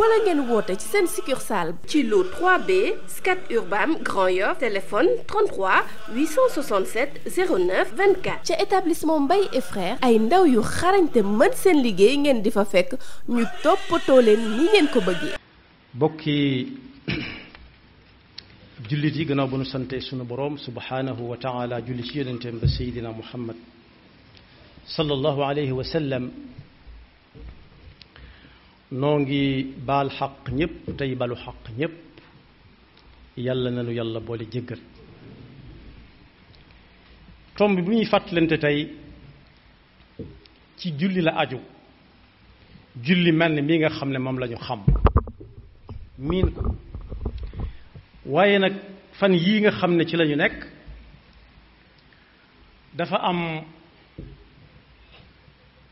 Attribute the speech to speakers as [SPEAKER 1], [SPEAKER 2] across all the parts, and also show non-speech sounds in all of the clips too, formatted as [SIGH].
[SPEAKER 1] wala ngeen woote ci seen succursale ci lu 3B Scat Urbam Grand Yoff téléphone 33 867 09 24 ca établissement Mbaye et frères ay ndaw yu xarañte mën seen liggéey ngeen di fa fekk ñu toppatoo leen ni ngeen ko bëggee
[SPEAKER 2] bokki [COUGHS] jullit yi gannaaw ba nu sante sunu boroom subhanahu wa taala julli ci yonenteem ba seydina muhammad sallallahu alayhi wa sallam noo ngi baal xaq ñépp tey balu xaq ñépp yàlla na nu yàlla boole jéggal tomb bi ñuy fàttalante tey ci julli la aju julli mel ni mii nga xam ne moom lañu xam miin waaye nag fan yii nga xam ne ci lañu nekk dafa am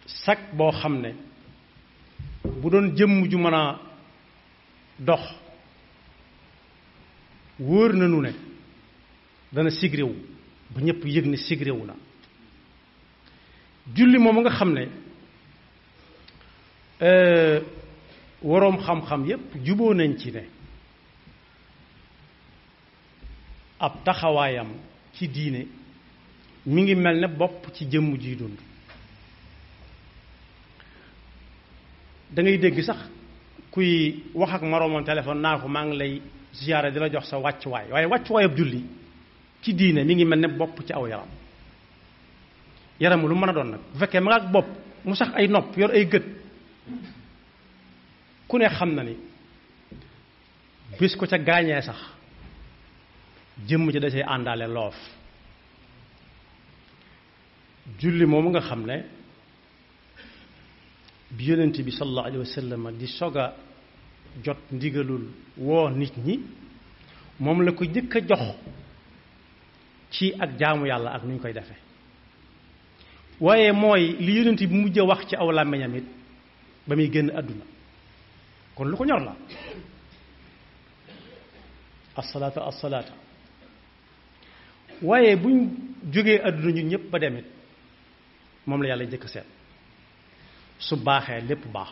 [SPEAKER 2] sag boo xam ne bu doon jëmm ju mën a dox wóor na nu ne dana sigréwu ba ñëpp yëg ne sigréwu na julli moom nga xam ne euh, waroom xam-xam yépp juboo nañ ci ne ab taxawaayam ci diine mu ngi mel ne bopp ci jëmm jiy dund dangay dégg sax kuy wax ak moroomam téléphone naa ko maa ngi lay ziyaara di la jox sa wàccuwaay waaye ab julli ci diine mi ngi mel ne bopp ci aw yaram yaram lu mën a doon nag bu fekkee ma nga ak bopp mu sax ay nopp yor ay gët ku ne xam na ni bis ko ca gaañee sax jëmm ja da say àndaale loof julli moomu nga xam ne bi yonent bi sallallahu alayhi wa sallam di sog jot ndigalul woo nit ñi moom la ko jëkk a jox ci ak jaamu yàlla ak nu ñu koy defee waaye mooy li bi mujj a wax ci aw làmmiñam génn àdduna kon lu ko ñor la asalaatu waaye buñ jógee àdduna ñun ñëpp ba demit moom la yàlla jëkk seet su baaxee lépp baax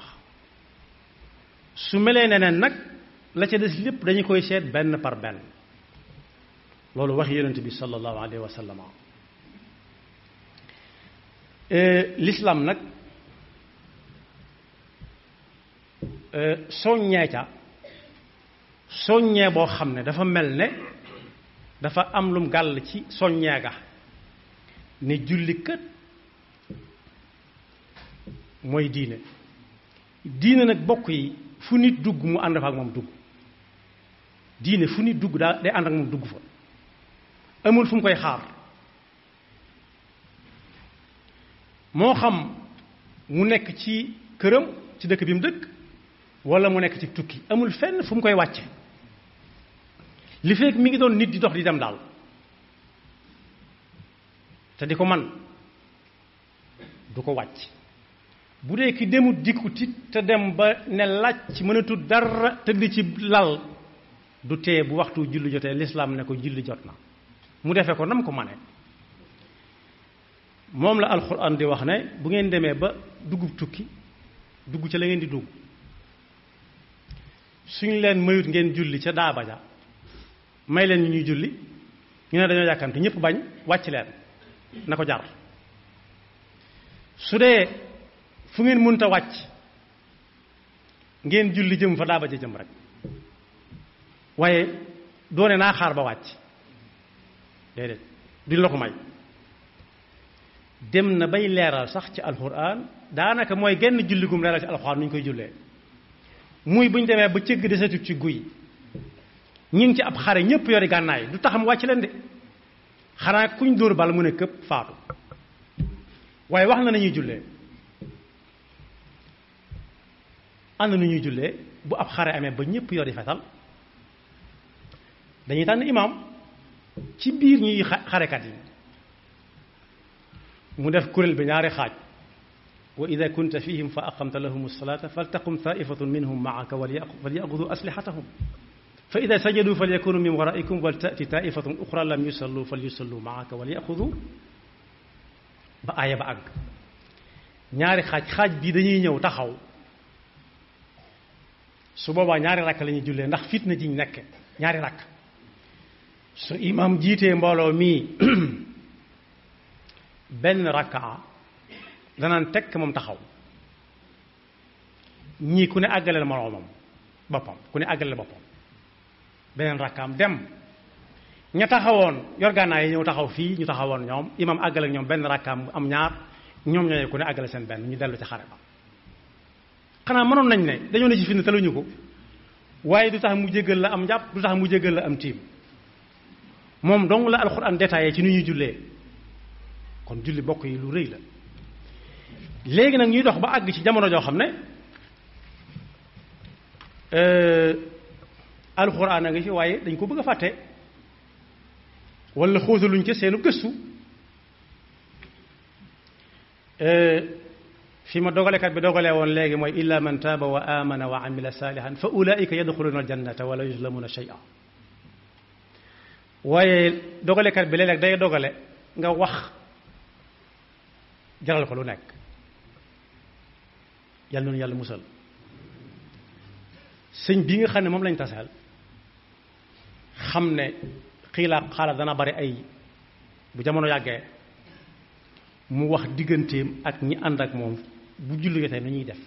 [SPEAKER 2] su melee neneen nag la ca des lépp dañu koy seet benn par benn loolu wax yonent bi sallallahu alayhi wa sallam euh, l'islam nag euh, soññee ca soññee boo xam ne dafa mel ne dafa am lum gàll ci soññee ga ne julli kët mooy diine diine nag bokk yi fu nit dugg mu ànd fa ak moom dugg diine fu nit dugg daa day ànd ak moom dugg fa amul fu mu koy xaar moo xam mu nekk ci këram ci dëkk bi mu dëkk wala mu nekk ci tukki amul fenn fu mu koy wàcce li fekk mi ngi doon nit di dox di dem daal te di ko man du ko wàcc bu dee ki demut dikkuti te dem ba ne làcc mënatul dara tëdd ci lal du tee bu waxtu julli jotee lislaam ne ko julli jot na mu defe ko nam ko mane moom la alxuraan di wax ne bu ngeen demee ba dugub tukki dugg ca la ngeen di dugg suñ leen mayut ngeen julli ca daaba ja may leen ñu ñuy julli ñu ne dañoo yàkkamte ñëpp bañ wàcc leen na ko jar su dee fu ngeen mënta wàcc ngeen julli jëm fa daaba ja jëm rek waaye doone naa xaar ba wàcc déedéet duñ la ko may dem na bay leeral sax ci alxuraan daanaka mooy genn julli gum leeral ci alxuraan nu ñu koy jullee muy bu ñu demee ba cëgg desatut ci guy ñi ngi ci ab xare ñëpp yori gànnaay du taxam wàcc leen de xanaa kuñ dóor bal mu ne këpp faatu waaye wax na nañuy jullee am na nu ñuy jule bu ab xare amee ba ñëpp yori fetal dañuy tànn imaam ci biir ñuy xarekat yi mu def kuréel bi ñaari xaaj wa ida kunta fihim fa aqamta lahum alsalata faltaqum taifatun minhum maaka walyaxudu aslixatahum fa ida sajadu falyakunu min waraikum waltati taifatun uxra lam yusallu falyusallu maaka walyaxudu ba aaya ba àgg ñaari xaaj xaaj bii dañuy ñëw taxaw su boobaa ñaari rakk lañuy ñuy jullee ndax fitna ji ñu nekk ñaari rakk su imam jiitee mbooloo mii [CLEARS THROAT] benn rakka danaan tekk moom taxaw ñii ku ne àggaleel moroomam boppam ku ne àggaleel boppam beneen rakkaam dem ña taxawoon yor gànnaay yi ñëw taxaw fii ñu taxawoon ñoom imam àggale ñoom benn rakkaam am ñaar ñoom ñooy ku ne àggale seen benn ñu dellu ci xare ba xanaa mënoon nañ ne dañoo ne ci fitna taluñu ko waaye du tax mu jéggal la am njàpp du tax mu jéggal la am tiim moom dong la alxuraan détaillé ci nu ñuy jullee kon julli bokk yi lu rëy la léegi nag ñuy dox ba àgg ci jamono joo xam ne euh, alxuraan a ngi fi waaye dañ ko bëgg a fàtte wala xóotaluñ ca seenu gëstu euh, fi ma dogalekat bi dogalee woon léegi mooy illa man taaba wa amana wa amila saalihan fa ulaika yadxuluna aljannata wala yuzlamuna shay'an waaye dogalekat bi léeg day dogale nga wax jaral ko lu nekk yàlla noonu yàlla musal sëñ bi nga xam ne moom lañ taseel xam ne xiilaa xaala dana bari ay bu jamono yàggee mu wax digganteem ak ñi ànd ak moom bu julli jotee nu ñuy def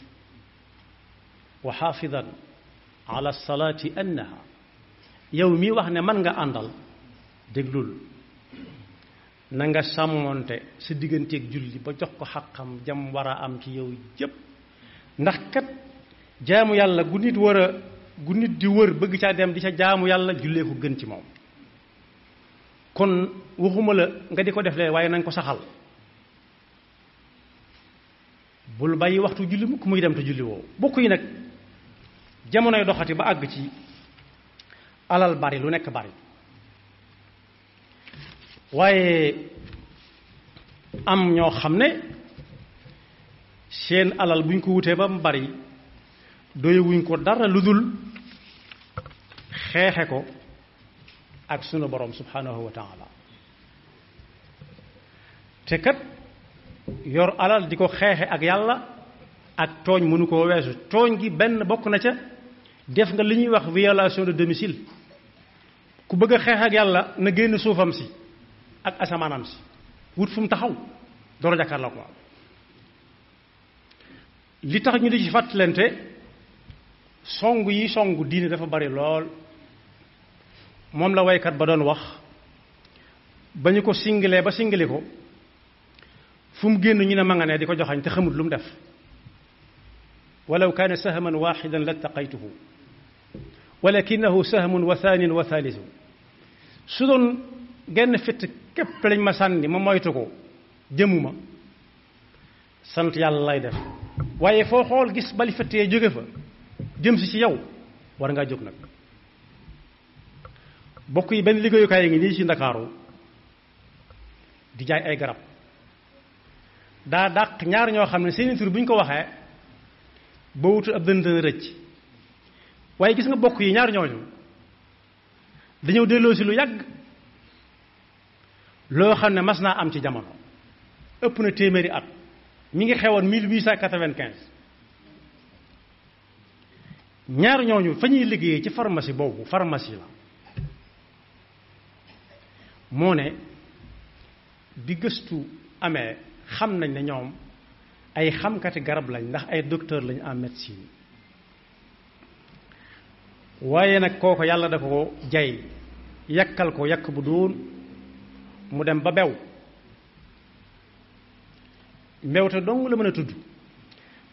[SPEAKER 2] wa xaafidan ala salaati annaha yow mii wax ne man nga àndal déglul na nga sàmmoonte sa digganteeg julli ba jox ko xaqam jam war a am ci yow yépp ndax kat jaamu yàlla gu nit war gu nit di wër bëgg caa dem di ca jaamu yàlla jullee ko gën ci moom kon waxuma la nga di ko deflee waaye nañ ko saxal bul bàyyi waxtu julli mukk muy dem te julli woo bokk yi nag jamonoy doxati ba àgg ci alal bari lu nekk bari waaye am ñoo xam ne seen alal buñ ko wutee ba mu bari doyewuñ ko dara lu dul xeexe ko ak sunu borom subhanahu wa taala te kat yor alal di ko xeexe ak yàlla ak tooñ mënu koo weesu tooñ gi benn bokk na ca def nga li ñuy wax violation de domicile ku bëgg a xeex ak yàlla na génn suufam si ak asamaanam si wut fum taxaw door a jàkkaarloo ko li tax ñu di ci fàttalante song yi song diine dafa bari lool moom la waykat ba doon wax ba ñu ko singalee ba singale ko fu mu génn ñu ne ma di ko joxañ te xamut lu mu def walaw kaana sahman waxidan la taqaytuhu walakinahu sahmun wa thaanin wa thaalithu su doon genn fitt képp lañ ma sànni ma moytu ko jëmuma sant yàlla lay def waaye foo xool gis bali fettee jóge fa jëm si ci yow war ngaa jóg nag bokk yi benn liggéeyukaay ngi nii ci ndakaaru di jaay ay garab daa dàq ñaar ñoo xam ne seeni tur ñu ko waxee ba wutul ab dënd dana rëcc waaye gis nga bokk yi ñaar ñooñu dañoo delloosi lu yàgg loo xam ne mas naa am ci jamono ëpp na téeméeri at mu ngi xewoon 1895 ñaar ñooñu fa ñuy liggéeyee ci pharmacie boobu pharmacie la moo ne bi gëstu amee xam nañ ne ñoom ay xamkati garab lañ ndax ay docteur lañ en médecine waaye nag kooko yàlla dafa ko jay yàkkal ko yàkk bu doon mu dem ba bew mbewte dong la mën a tudd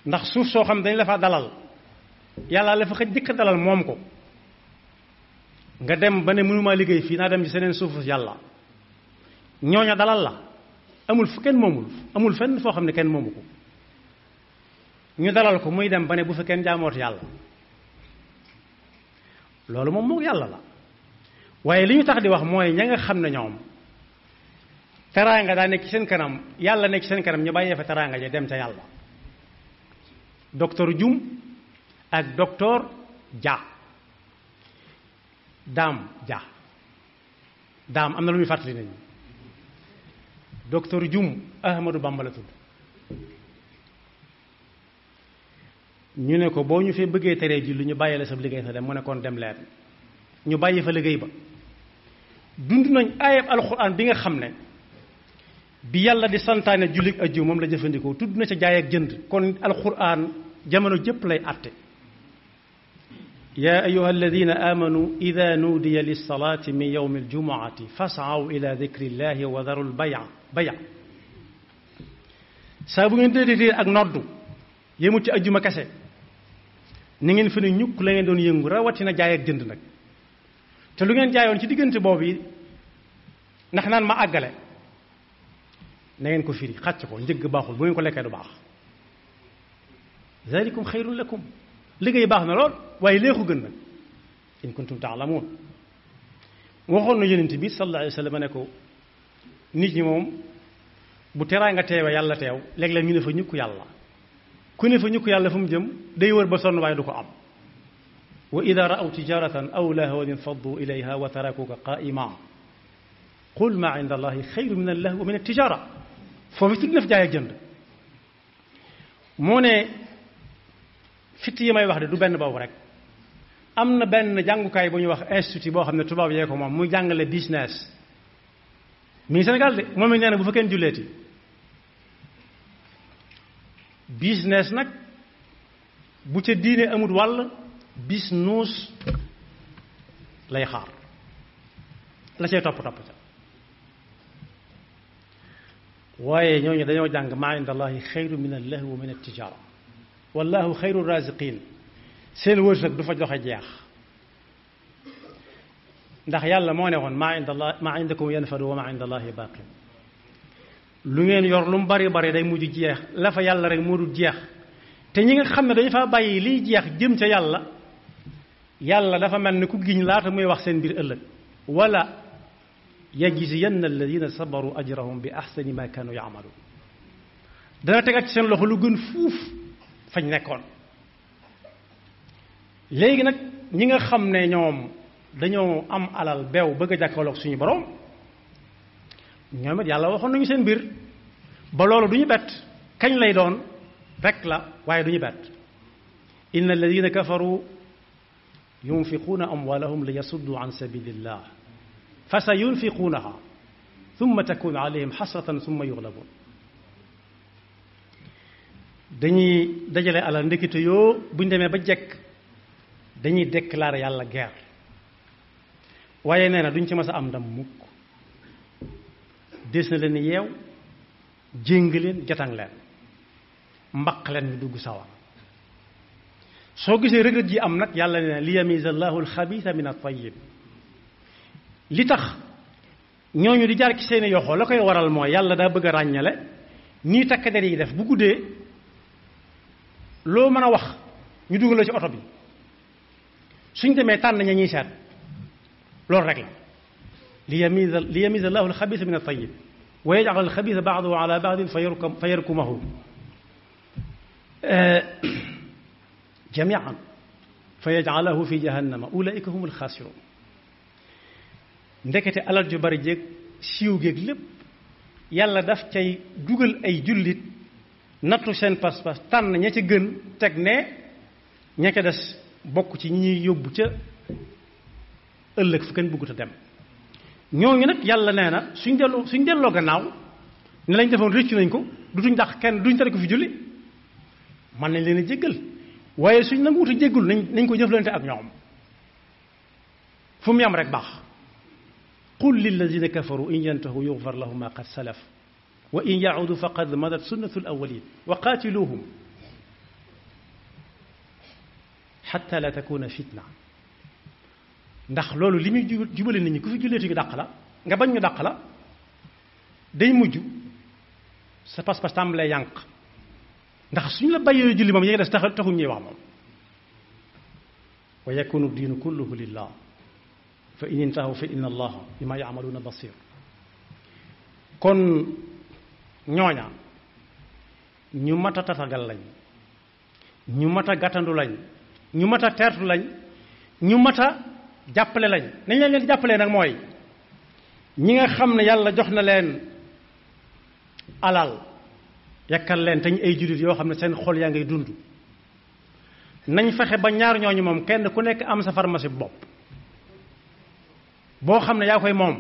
[SPEAKER 2] ndax suuf soo xam dañ la fa dalal yàlla la fa xëj jëkk dalal moom ko nga dem ba ne mënumaa liggéey fii naa dem ci seneen suufu yàlla ñooña dalal la amul fu kenn moomul amul fenn foo xam ne kenn moomu ko ñu dalal ko muy dem ba ne bu fi kenn jaamoot yàlla loolu moom moog yàlla la waaye li ñu tax di wax mooy ña nga xam ne ñoom teraanga daa nekk ci seen kanam yàlla nekk seen kanam ñu bàyyee fa teraanga ja dem ca yàlla docteur Jum ak docteur jaa daam jaa daam am na lu muy fàttali nañu docteur Dioum Ahmadou Bamba la ñu ne ko boo ñu fee bëggee teree julli ñu bàyyi la sab liggéey sa dem mu ne kon dem leen ñu bàyyi fa liggéey ba dund nañ ayab alxuraan bi nga xam ne bi yàlla di santaane jullit ak jiw la jëfandikoo tudd na ca jaay ak jënd kon alxuraan jamono jépp lay àtte ya ayuha alladina amanu ida nuudiya lilsalaati min yowmi aljumuati fasaw ila dikrillahi wa daru lbaya baya yàqu saa bu ngeen déedéetee ak noddu yéemu ci ajjuma kese ni ngeen fi ne ñukk la ngeen doon yëngu rawatina jaay ak jënd nag te lu ngeen jaayoon ci diggante boobu yi ndax naan ma àggale na ngeen ko firi xàcc ko njëgg baaxul bu ngeen ko lekkee du baax zalikum xayrun lakum liggéey baax na lool waaye léexu gën nag in kuntum taalamuun waxoon na yonent bi sallallahu alayhi wa sallam ne ko nit ñi moom bu teraanga teewee yàlla teew léeg-léeg ñu ne fa ñukk yàlla ku ne fa ñukk yàlla fu mu jëm day wër ba sonn waaye du ko am wa ida raaw tijaratan aw lahwan infaddu ilayha wa tarakuka qaima qul ma inda allahi xayru min allah wa min altijara foofu tudd na fi jaay ak jënd moo ne fitt yi may wax de du benn boobu rek am na benn jàngukaay bu ñu wax institut boo xam ne tubaab yee ko moom muy jàngale business mi ngi Sénégal de moom it nee na bu fa kenn julleeti business nag bu ca diine amut wàll business lay xaar la cee topp topp ca waaye ñooñu dañoo jàng maa inda allahi xayru min allahi wa min attijaara wallahu xayru raziqin seen wërsëg du fa joxe jeex ndax yàlla moo ne woon maa indallah maa indakum yanfadu wa maa indallahi baaqin lu ngeen yor lu bari bari day mujj jeex la yàlla rek moo dul jeex te ñi nga xam ne dañu fa bàyyi liy jeex jëm ca yàlla yàlla dafa mel ni ku giñ laata muy wax seen mbir ëllëg wala yajziyanna alladina sabaru ajrahum bi ahsani ma kanu yaamaluun dana tegaat ci seen loxo lu gën fuuf fañ nekkoon léegi nag ñi nga xam ne ñoom dañoo am alal beew bëgg a jàkkaarloog suñu borom ñoom it yàlla waxoon nañu seen mbir ba loolu duñu bet kañ lay doon rek la waaye du ñu bett inna alladina kafaru yunfiquuna amwaalahum li am an sabilillah fa sa yunfiquunaha thumma takunu alayhim xasratan thumma yuxlabuun dañuy dajale alal ndekete yoo buñ demee ba jekk dañuy déclarer yàlla guerre waaye nee na duñ ci mës a am ndam mukk des na leen yeew jéng leen jatan leen mbaq leen ñu dugg sawar soo gisee rëgg-rëgg ji am nag yàlla nee na li yamiza allahu alxabisa min at-tayyib li tax ñoo ñu di jaar ci seeni yoxoo la koy waral mooy yàlla daa bëgg a ràññale nii takk der yi def bu guddee loo mën a wax ñu dugg la ci oto bi suñ demee tànn ña ñuy seet loolu rek la li yamiza li yamiza allahu alxabisa min altayib wa yajal alxabisa baadahu ala baadin fa yarkum fa yarkumahu jamian fa yajalahu fi jahannama ulaika hum alxaasiruun ndekete alal ju bari jéeg siiw géeg lépp yàlla daf cay dugal ay jullit nattu seen pas-pas tànn ña ci gën teg ne ña ca des bokk ci ñi ñuy yóbbu ca ëllëg fu kenn bëggut a dem ñooñu nag yàlla nee na suñ delloo suñ delloo gannaaw ne lañ defoon rëccu nañ ko dutuñ ndax kenn duñ tere ko fi julli mën nañ leen a jéggal waaye suñ nangu wut a jéggul nañ nañ ko jëflante ak ñoom fu mu yam rek baax qul lillazina kafaru in yantahu yughfar lahum ma qad salaf wa in yaudu faqad madat sunnatu l awalin wa qaatiluhum xatta la takuna fitna ndax loolu li muy jubale nit ñi ku fi julleeti ñu dàq la nga bañ ñu dàq la day mujj sa pas-pas tàmbalee yànq ndax suñu la bàyyee julli moom yéegi des tax taxul ñuy wax moom wa yakunu diinu kulluhu lillah fa in intahu fa inna allaha bima yaamaluuna basir kon ñooña ñu mat a tatagal lañ ñu mat a gàttandu lañ ñu mat a teertu lañ ñu jàppale lañ nañ leen leen jàppalee nag mooy ñi nga xam ne yàlla jox na leen alal yakkal leen te ñu ay jullit yoo xam ne seen xool yaa ngay dund nañ fexe ba ñaar ñi moom kenn ku nekk am sa pharmacie bopp boo xam ne yaa koy moom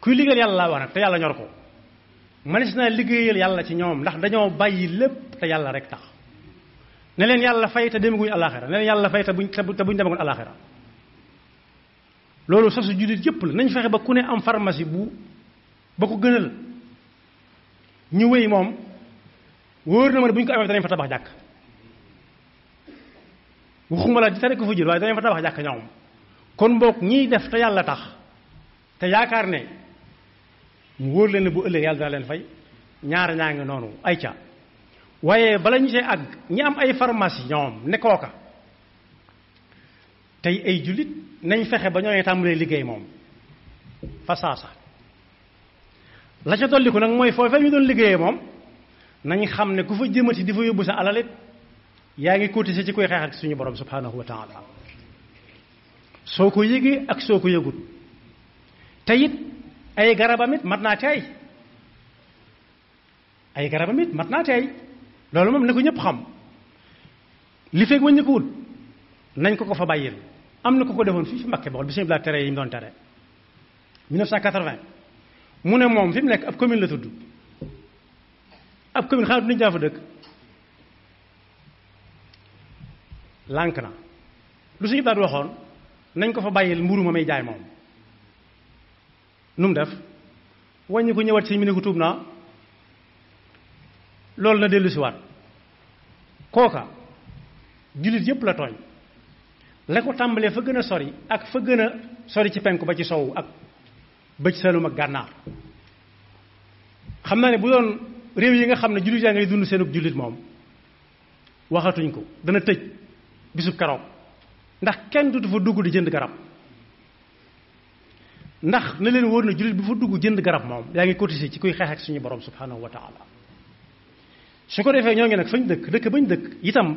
[SPEAKER 2] kuy liggéeyal yàlla laa wax nag te yàlla ñor ko mënees naa liggéeyal yàlla ci ñoom ndax dañoo bàyyi lépp te yàlla rek tax ne leen yàlla fay te demaguñ alaxira ne leen yàlla fay te buñ te buñ demagoon alaxira loolu sosu jullit yëpp la nañ fexe ba ku ne am pharmacie bu ba ko gënal ñu wéy moom wóor na ma ne bu ñu ko amee danañ fa tabax jàkk waxuma la tari ko fa jël waaye danañ fa tabax jàkk ñoom kon mbokk ñiy def te yàlla tax te yaakaar ne mu wóor leen ne bu ëllëg yàlla dana leen fay ñaar ñaa ngi noonu ay ca waaye bala ñu see àgg ñi am ay pharmacie ñoom ne ka tey ay jullit nañ fexe ba ñooñee tàmbalee liggéey moom fa saasa la ca dolliku nag mooy foofee ñu doon liggéeyee moom nañ xam ne ku fa jëmati di fa yóbbu sa alalit yaa ngi cotiser ci koy xeex suñu borom subhanahu wa taala soo ko yëgee ak soo ko yëgut te it ay garabam mat naa teey ay garabam it mat naa teey loolu moom ne ko ñëpp xam li fekk wëññi ko nañ ko ko fa bàyyil am na ku ko defoon fii fi Mbàkke Bawol bi sëñ Blaay tere yi mu doon tere mu ne moom fi nekk ab commune la tudd ab commune xaaral nit ñaa fa dëkk lànk na lu suñu daal waxoon nañ ko fa bàyyil mburu ma may jaay moom nu mu def wàññi ko ñëwaat si mu ne ko tuub naa loolu na dellu si waat kooka jullit yépp la tooñ la ko tàmbalee fa gën a sori ak fa gën a sori ci penk ba ci sowu ak bëj saalum ak gànnaar xam naa ne bu doon réew yi nga xam ne jullit yaa ngay dund seenub jullit moom waxatuñ ko dana tëj bisub karoog ndax kenn dutu fa dugg di jënd garab ndax na leen wóor na jullit bu fa dugg jënd garab moom yaa ngi cotisé ci kuy xeex suñu borom subhanahu wa taala su ko defee ñoo ngi nag fañ dëkk dëkk bañ dëkk itam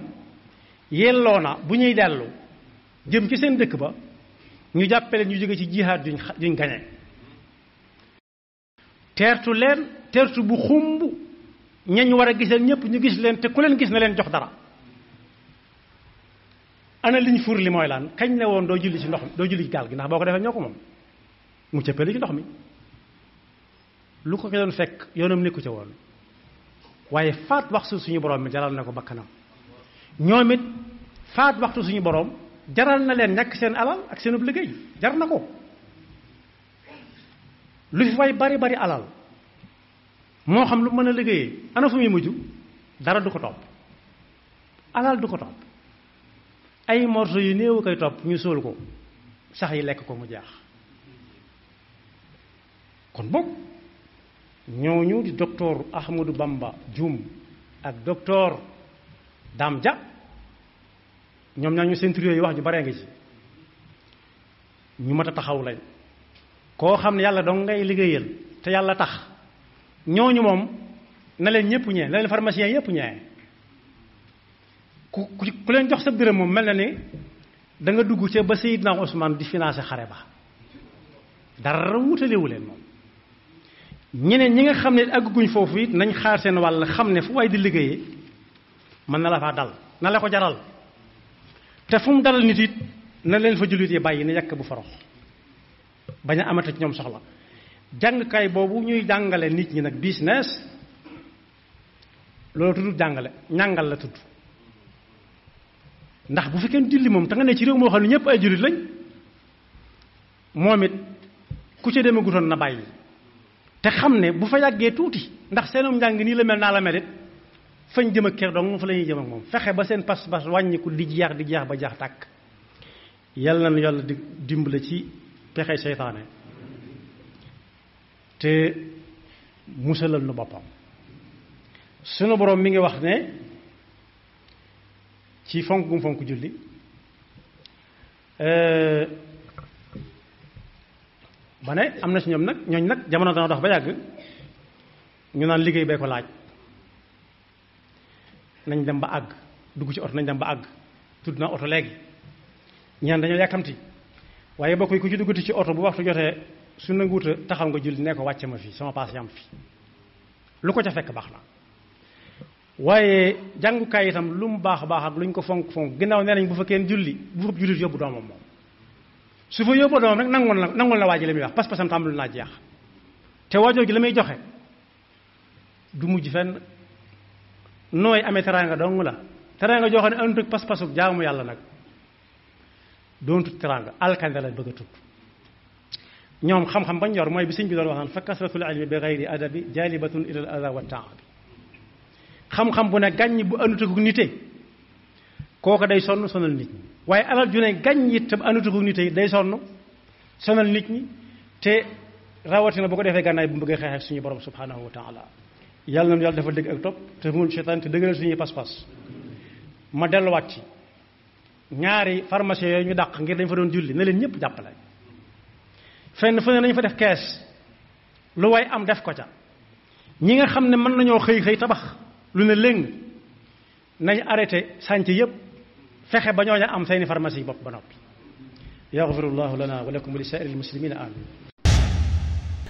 [SPEAKER 2] yelloo na bu ñuy dellu jëm ci seen dëkk ba ñu jàppale ñu jóge ci jihaad juñ juñ gañe teertu leen teertu bu xumb ñañ war a gisal ñëpp ñu gis leen te ku leen gis na leen jox dara ana liñ fuur li mooy laan kañ ne woon doo julli ci ndox mi doo julli ci gaal gi ndax boo ko defee ñoo ko moom mu cëppale ci ndox mi lu ko ko doon fekk yoonam nekku ca woon waaye faat waxtu suñu borom mi jaral na ko bakkanam ñoom it faat waxtu suñu boroom jaral na leen ñàkk seen alal ak seenub liggéey jar na ko lu fi waay bari bari alal moo xam lu mën a liggéeyee ana fu muy mujj dara du ko topp alal du ko topp ay morso yu néew koy topp ñu sóol ko sax yi lekk ko mu jeex kon boog ñooñu di docteur Ahmadou Bamba jum ak docteur Dame Dia ñoom ñaa ñu seen tur yooyu wax ju baree nga ci ñu mat a taxaw lañ koo xam ne yàlla dong ngay liggéeyal te yàlla tax ñooñu moom na leen ñëpp ñee na leen pharmacien yëpp ñee ku ku leen jox sa dërëm moom mel na ni danga dugg ca ba Seydina Ousmane di financé xare ba dara wutalewu leen moom ñeneen ñi nga xam ne àgguñ foofu it nañ xaar seen wàll xam ne fu waay di liggéeyee mën na la faa dal na la ko jaral te fu dalal nit it na leen fa jullit yi bàyyi na yàkk bu faro bañ a amata ci ñoom soxla jàngkaay boobu ñuy jàngale nit ñi nag business loolu tudd jàngale ñàngal la tudd ndax bu fi kenn julli moom te nga ne ci réew moo xam ne ñëpp ay jullit lañ moom it ku ca demagutoon na bàyyi te xam ne bu fa yàggee tuuti ndax seenum njàng nii la mel naa la mel it fañ jëm ak kër dong fa la ñuy jëm ak moom fexe ba seen pas-pas wàññiku di jeex di jeex ba jeex tàkk yàlla na yàlla di dimbale ci pexe seytaane te musalal nu boppam sunu boroom mi ngi wax ne ci fonk gum fonk julli euh, ba ne am na si ñoom nag ñooñ nag jamono dana dox ba yàgg ñu naan liggéey bee ko laaj nañ dem ba àgg dugg ci oto nañ dem ba àgg tudd naa oto léegi ñaan dañoo yàkkamti waaye bokk ko ku ci duggati ci oto bu waxtu jotee su nanguwuta taxaw nga julli ne ko wàcce ma fi sama paas yam fi lu ko ca fekk baax na waaye jàngukaay itam lu mu baax baax ak lu ko fonk fonk ginnaaw ne nañ bu fa kenn julli bu fa jullit yóbbu doomam moom su fa yóbbu doomam rek nangoon na nangoon na waa ji la muy wax pas-pasam tàmbali naa jeex te waajoo ji la may joxe nooy amee teraanga dong la teraanga joo xam ne antut pas-pasub jaamu yàlla nag doontu teraanga alkande la bëgg a tudd ñoom xam-xam bañ yor mooy bi sëñ bi doon wax naan fa kasratul ilmi bi gayri adabi jalibatun ilal ada wa taabi xam-xam bu ne gàññ bu anutaku nite kooka day sonn sonal nit ñi waaye alal ju ne gàññ it te bu anutaku nite day sonn sonal nit ñi te rawatina bu ko defee gànnaay bu mu bëggee xeex ak suñu borom subhanahu wa taala yàlla nañu yàlla dafa dégg ak topp te mun seytaan te dëgëral suñuy pas-pas ma delluwaat ci ñaari pharmacie yooyu ñu dàq ngir dañ fa doon julli na leen ñëpp jàppale fenn fu ne nañu fa def kees lu way am def ko ca ñi nga xam ne mën nañoo xëy xëy tabax lu ne léng nañ arrêté sànc yëpp fexe ba ñoo ñooña am seeni pharmacie yi bopp ba noppi yaxfirullahu lana wa lakum wa li saa'iril muslimina amin